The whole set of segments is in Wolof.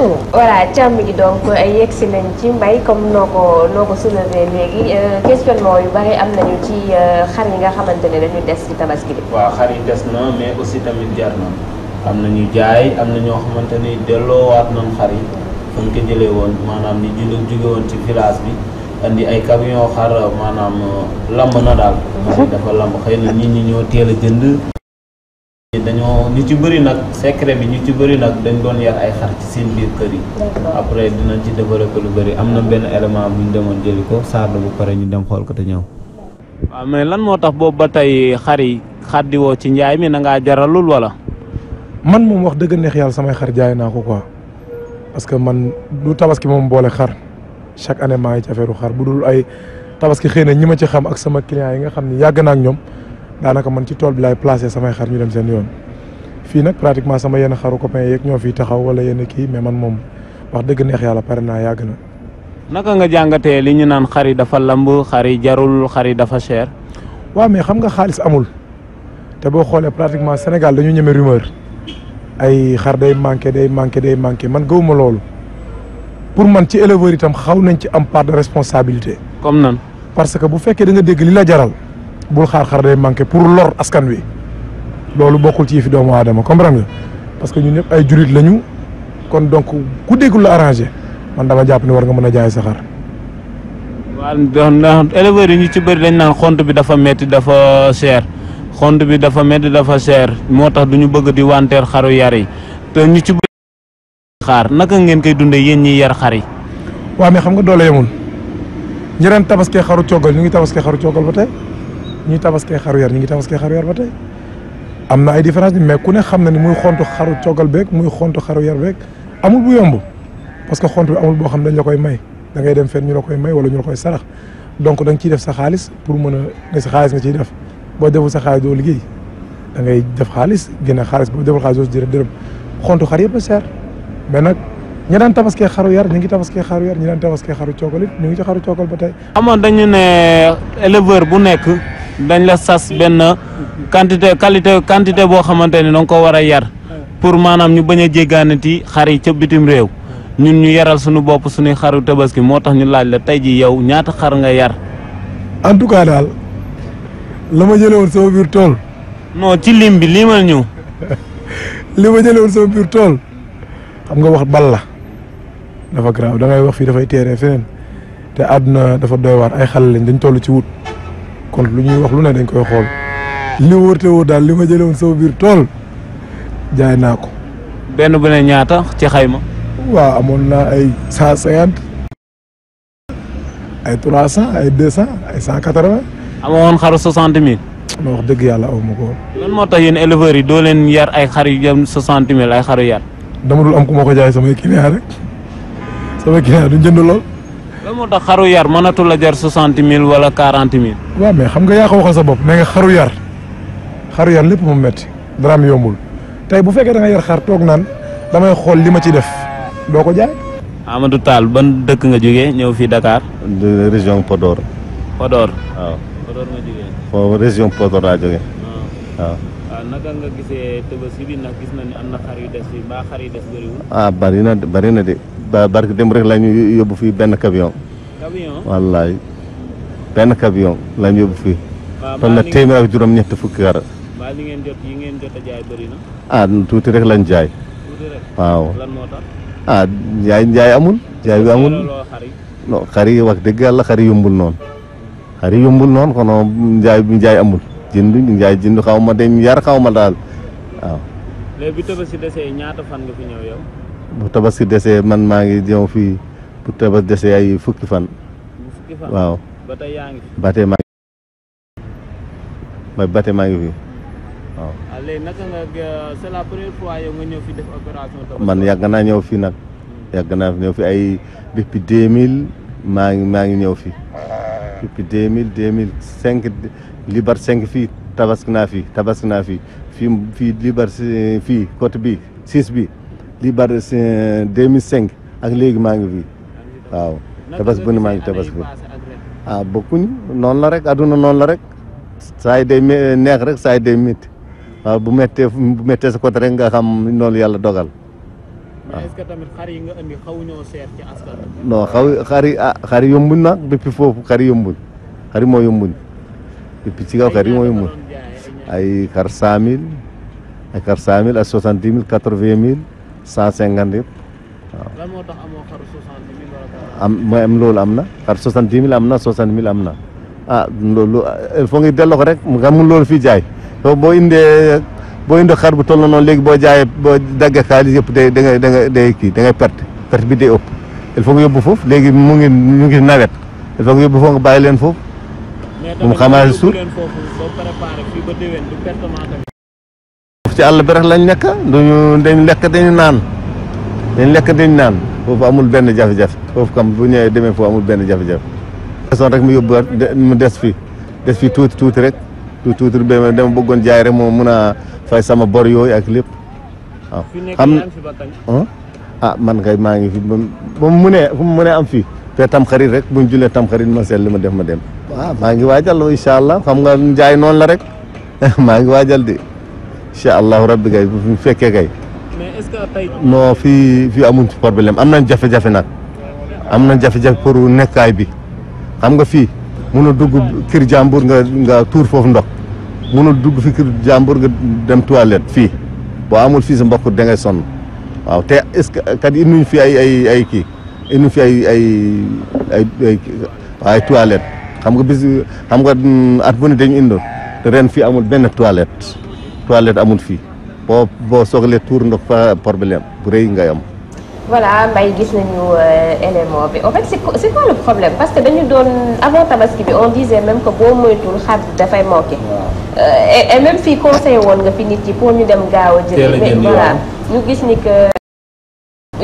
Oh, voilà càmm gi donc yegg si nañ ci mbay comme noo ko noo ko soulevé léegi euh, questionnement yu bari am nañu ci euh, xar yi nga xamante ne dañu des ci tabaski bi. waaw xar yi des na mais aussi tamit jar na am na ñu jaay am na ñoo xamante ni delloowaat nañ xar yi fa ñu ko jëlee woon maanaam ni julli jóge woon ci village bi. andi ay camion xar maanaam euh, lamb na daal. Mhm. dafa lamb xëy na nit ñi ñoo teel a jënd. dañoo ñu ci bëri nag secret bi ñu ci bëri nag dañ doon yar ay xar après dinañ ci développé lu bëri am na benn élément bu ñu demoon jëli ko bu pare ñu dem xool ko te ñëw mais lan moo tax boobu ba tey xar yi xaddi woo ci njaay mi na ngaa jaralul wala man moom wax dëgg neex yàlla samay xar jaay naa ko quoi parce que man du tabaski moom mboole xar chaque année maa ngi ci affaire xar bu dul ay tabaski xëy na ñi ma ci xam ak sama client yi nga xam ni yàgg naa ak ñoom daanaka man ci tool bi laay placé samay xar ñu dem seen yoon fii nag pratiquement sama yenn xaru copain yeeg ñoo fiy taxaw wala yenn kii mais man moom wax dëgg neex yàlla pare naa yàgg na. naka nga jàngatee li ñu naan xar yi dafa lamb xar yi jarul xar yi dafa cher. waaw mais xam nga xaalis amul te boo xoolee pratiquement Sénégal dañu ñeme rumeur ay xar day manqué day manqué day manqué man gawuma loolu pour man ci éleveur itam xaw nañ ci am part de responsabilité. comme nan. parce que bu fekkee da dégg li la jaral. bul xaar xar day manqué pour lor askan wi loolu bokkul ci yëfi doomu adama comprendre nga parce que ñun ñëpp ay jurit lañu kon donc ku déggul la arrangé man dama jàpp ne war nga mën a jaay sa xar. waaw ndax éleveurs yi ci bëri dañ naan xont bi dafa metti dafa cher xont bi dafa metti dafa cher moo tax du ñu bëgg di wanteer xaru yar yi te ñu ci xaar naka ngeen koy dundee yéen ñi yar xar yi. waaw mais xam nga doole yemul ñi ren tabaskee xaru coogal ñu ngi tabaskee xaru coogal ba te ñuy tabaskee xaru yar ñu ngi tabaskee xaru yar ba tey am na ay différence bi mais ku ne xam na ni muy xontu xaru coggal beeg muy xontu xaru yar beeg amul bu yomb parce que xont amul boo xam dañ la koy may da ngay dem fenn ñu koy may wala ñu koy sarax donc da ciy def sa xaalis pour mën a ne sa boo deful sa xaalis liggéey da ngay def xaalis génne xaalis boo deful xaalis doo dërëm xontu xar yëpp a mais nag ñi daan tabaskee xaru yar ñu ngi tabaskee xaru yar ñi daan tabaskee xaru coogal it ñu ngi ci xaru coogal ba tey amoon dañu ne éleveur bu nekk dañ la sas benn quantité qualité quantité boo xamante ne danga ko war a yar pour maanaam ñu bañ a jéggaanati xar yi ca bitim réew ñun ñu yaral suñu bopp suñuy xaru tabaski moo tax ñu laaj la tey ji yow ñaata xar nga yar en tout cas daal la ma jële woon sama biir tool non ci lim bi limal ñu li ma jële woon sama biir tool xam nga wax bal la dafa grave da wax fii dafay teeree feneen te àdduna dafa doy war ay xale lañ dañ tollu ci wut kon lu ñuy wax lu ne dañ koy xool li wër te daal li ma jële woon sama biir tool jaay naa ko. benn bu ne ñaata ci xayma. waaw amoon naa ay cent cinquante. ay trois cent ay cent ay cent quatre vingt. amoon xaru soixante mille. ma wax dëgg yàlla aw ma ko lan moo tax yéen yi doo leen yar ay xar yu jëm soixante mille ay xaru yar. dama dul am ku ko jaay samay client rek samay client du jënd lool. la moo tax xaru yar mënatu a jar soixante mille wala quarante mille. waaw mais xam nga yaa ko waxal sa bopp mais nga xaru yar xaru yar lépp moom métti dara yombul tey bu fekkee da nga yar xar toog naan damay xool li ma ci def doo ko jaay. Amadou dëkk nga jógee ñëw fii Dakar. de région laa ah. Ah, am na xar yu des fii mbaa xar yu des bëriwul. ah bari na na de barke dem rek la ñu yóbbu fii benn camion. camion benn camion la ñu yóbbu fii. waaw toll na téeméer ak juróom-ñett fukki kara. waaw ah, tuuti rek lañ jaay. waaw lan moo tax. Ah, jaay jaay amul. jaay bi amul non xar yi wax dëgg yàlla xar yi yombul noonu. xar yi yombul njaay bi njaay amul. jënd njaay jënd xaw ma yar xaw ma daal bu tabaski desee man maa ngi ñëw fii bu tabaski ay fukki waaw. ba tey yaa fi. maa ngi fi. Ah, man yàgg naa ñëw fii nag. Hmm. yàgg naa fi fi ay depuis deux mille maa ngi maa ngi ñëw fii depuis deux mille deux mille cinq libar cinq fii tabaski naa fii tabaski naa fii fii fii libar fii côté bi six bi. lii bari c'est 2005 ak léegi maa ngi fi waaw tabaski bu ne maa ah, bokkuñu noonu la rek aduna noonu la rek saa yi neex rek saa yi day métti waaw bu méttee bu méttee sa côté rek nga xam noonu yàlla dogal waaw xaw xar yi ah xar yi yombuñ nag depuis foofu xar yi yombuñ xar yi moo yombuñ depuis ci kaw xar yi moo yombuñ ay xar cent mille ay xar cent mille ay soixante dix mille quatre vingt mille cent cinquante am mooy am loolu am na xar soixante dix mille am na soixante mille am na ah loolu il faut nga delloo ko loolu fi jaay boo indee boo indee xar bu toll na noonu léegi boo jaayee boo daggee xaalis yëpp day da ngay da day kii da ngay perte perte bi day ëpp il faut nga yóbbu foofu léegi mu ngi mu ngi nawet il faut nga yóbbu foofu nga bàyyi leen foofu. mu xamaa suul foofu ci àll bi la lañ nekk duñu dañ lekk dañu naan dañ lekk dañu naan foofu amul benn jafe-jafe foofu kam bu ñëwee demee foofu amul benn jafe-jafe façon mu yóbbu mu des fi des tuuti tuuti rek tuuti tuuti ba dama bëggoon jaay rek moom mun a fay sama bor yooyu ak lépp waaw xam ah man kay maa ngi fi ba mu munee fu mu munee am fii te tam xarit rek bu julee tam xarit ma seet li ma def ma dem waaw maa ngi waajal incha xam nga njaay noonu la rek maa ngi waajal di incha allahu rabbi kay bu fekkee kay. fii fii amuñ ci problème am nañ jafe-jafe nag am na jafe-jafe pour nekkaay bi xam nga fii mun a dugg kër jàmbur nga tuur foofu ndox mun dugg fi kër jàmbur nga dem toilette fii boo amul fii sa mbokk da ngay sonn waaw te est-ce que kat innuñ fi ay ay ay kii innuñ fi ay ay ay ay xam nga bis xam nga at bu ne dañu indoon ren fii amul benn toilette. toilette amul fii boo boo soxlee tour ndox fa problème bu rëy ngay am. voilà Mbaye gis nañu euh, élément bi en fait c'est quoi, c'est quoi problème parce que dañu doon avant tabaski bi on disait même que boo moytuwul xar dafay manqué. Euh, et même fii conseil woon nga fi nit yi pour ñu dem gaaw a. jënd mais gis ni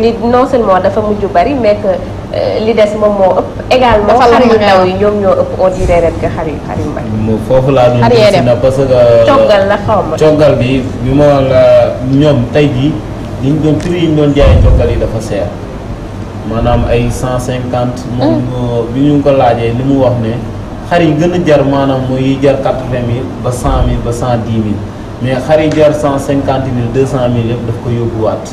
li non seulement dafa mujj bari mais que euh, li des moom moo ëpp. également xar yu ndaw yi ñoom ñoo ëpp on foofu laa doon gis na parce que. Euh, coggal bi bi ma ñoom tey jii liñ doon prix yi ñu doon jaayee coggal yi dafa seer maanaam ay cent 150. Ah. moom bi ñu ko laajee li mu wax ne xar yi gën a jar maanaam muy jar 80 mille ba 100 mille ba 110 mille mais xar yi jar 150 mille 200 mille yëpp daf ko yóbbuwaat.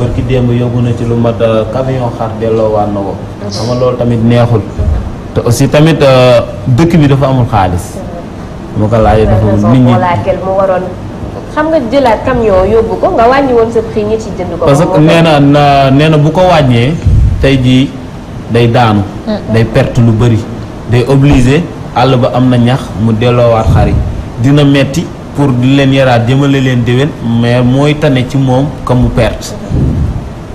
barki démb yóbbu na ci lu mat euh, camion xar delloowaat na ko. sama nga loolu tamit neexul. te aussi tamit euh, dëkk bi dafa amul xaalis. mu ko laajee dafa mu waroon ñi ci jënd que nee na nee na bu ko wàññee tey jii day daanu. day perte lu bëri. day obligé àll ba am na ñax mu delloowaat xar yi dina metti pour di leen yaraat jëmale leen déwén mais mooy tane ci moom ka perte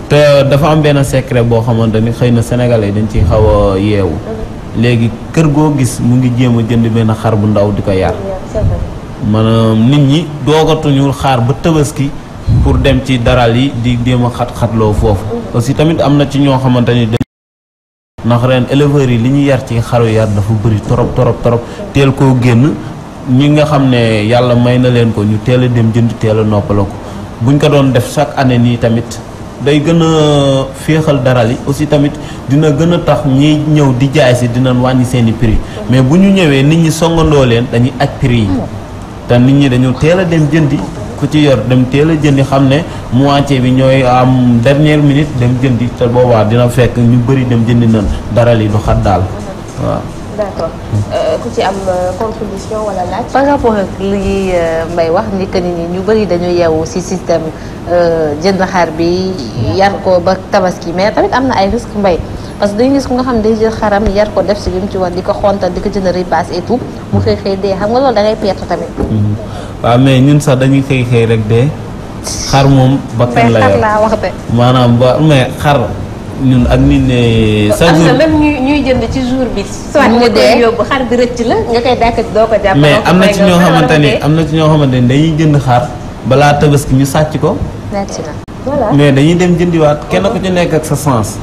te dafa am benn secret boo xamante ni xëy na sénégalais dañ ciy xaw a yeewu léegi kër goo gis mu ngi jéem a jënd benn xar bu ndaw di ko yar maanaam nit ñi doogatuñu xaar ba tabaski pour dem ci daral yi di jéem a xat-xatloo foofu aussi tamit am na ci ñoo xamante ni ndax ren éleveurs yi li ñu yar ci xaru yar dafa bëri torop torop torop teel koo génn ñi nga xam ne yàlla may na leen ko ñu teel a dem jënd teel a noppaloo ko buñ ko doon def chaque année nii tamit day gën a féexal dara li aussi tamit dina gën a tax ñi ñëw di jaay si dinañ wàññi seeni prix mais bu ñu ñëwee nit ñi songandoo leen dañuy aj prix yi te nit ñi dañu teel a dem jëndi ku ci yor dem teel a jëndi xam ne moitié bi ñooy am dernière minute dem jëndi te boobaa dina fekk ñu bëri dem jëndi na dara li du xat daal waaw d'accord euh, ku ci am euh, contribution wala laaj. par rapport ak li euh, wax ni que ni ñu bëri dañu yeewu ci système jënd xar bi. yar ko ba tabaski mais tamit am na ay risques mbay parce que dañu gis ku nga xam day jël xaram yar ko def ci li mu ci war di ko xontal di ko jënd ripaas et mu xëy xëy dee xam nga loolu da ngay perte tamit. Mm-hmm. waaw mais ñun sax dañuy xëy xëy rek dee. xar moom bakkan la yor maanaam ba mais xar. ñun ak nit ne. chaque ñuy jënd ci jour bi. soit mu dee la mais am na ci ñoo xamante ne am na ci ñoo xamante ne dañuy jënd xar balaa tabaski ñu sàcc ko. mais dañuy dem jëndiwaat kenn ku ci nekk ak sa sens.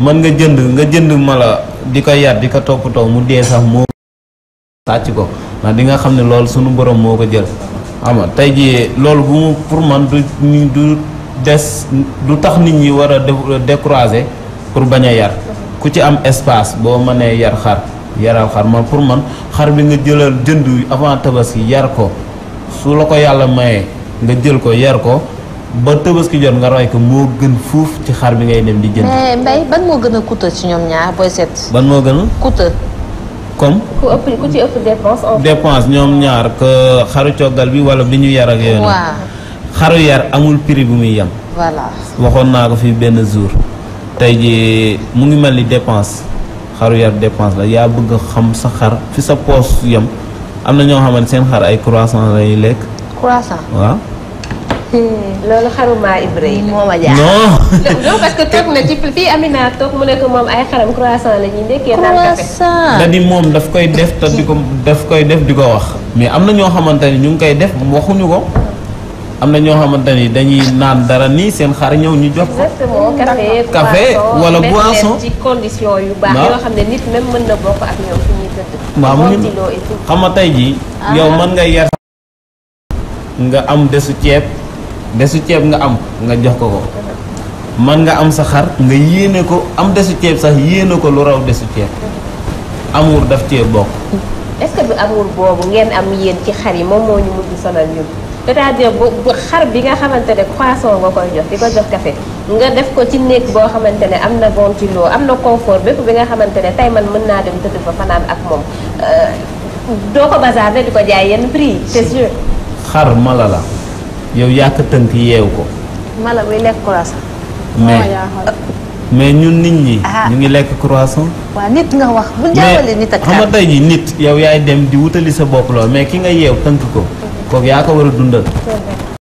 man nga jënd nga jënd mala di ko yar di ko toppatoo mu dee sax moo. sàcc ko ndax di nga xam ne lool sunu borom moo ko jël xam tey jii loolu bu mu pour man du du. des du tax nit ñi war a décroiser pour bañ a yar ku ci am espace boo mënee yar xar yaral xar man pour man xar bi nga jëlal jënd avant tabaski yar ko su la ko yàlla mayee nga jël ko yar ko ba tabaski jot nga roy ko moo gën fuuf ci xar bi ngay dem di jënd. mais mbay ban moo gën a coûteux ci ñoom ñaar booy seet. ban moo gën a. coûteux. comme. ku ëpp ku ci ëpp dépense. dépense ñoom ñaar que xaru coggal bi wala bi ñu yar ak yooyu. waaw. xaru yar amul prix bu muy yem. waxoon naa ko fi benn jour. tey jii mu ngi mel ni dépense xaru yar dépense la yaa bëgg a xam sa xar fi sa poos yem am na ñoo xamante seen xar ay croissant la lekk. croissant moom daf koy def te di koy def di ko wax. mais am na ñoo xamante ne ñu ngi koy def waxuñu ko. am na ñoo xamante ni dañuy naan dara nii seen xar ñëw ñu jox ko. exactement café wala boisson ci condition yu baax. yoo xam ne nit même mën na bokk ak ñoom xam nga tey jii. Ah. yow mën nga yar. nga am desu ceeb desu ceeb nga am nga jox ko ko. mën nga am sa xar nga yéene ko am desu ceeb sax yéene ko lu raw desu ceeb. amuur daf cee bokk. est-ce que boobu ngeen am yéen ci xar yi moom moo ñu mujj sonal ñun. c'est-à-dire xar bi nga xamante ne croissant nga koy jox di ko jox café nga def ko ci néeg boo xamante ne am na ventilo am na confort bépp bi nga xamante ne tey man mën naa dem tëdd fa fanaan ak moom euh, doo ko bazarder di ko jaay yenn prix c'est sûr. xar mala la yow yaa ko tënk yeew ko. mala buy lekk mais oh, mais ñun nit ñi. Ah. ñu ngi lekk croissant. waa nit nga wax bu jàppale nit ak. xam nga tey jii nit yow yaay dem di wutali sa bopp mais ki nga yeew tënk ko. kooku yaa ko war a dundal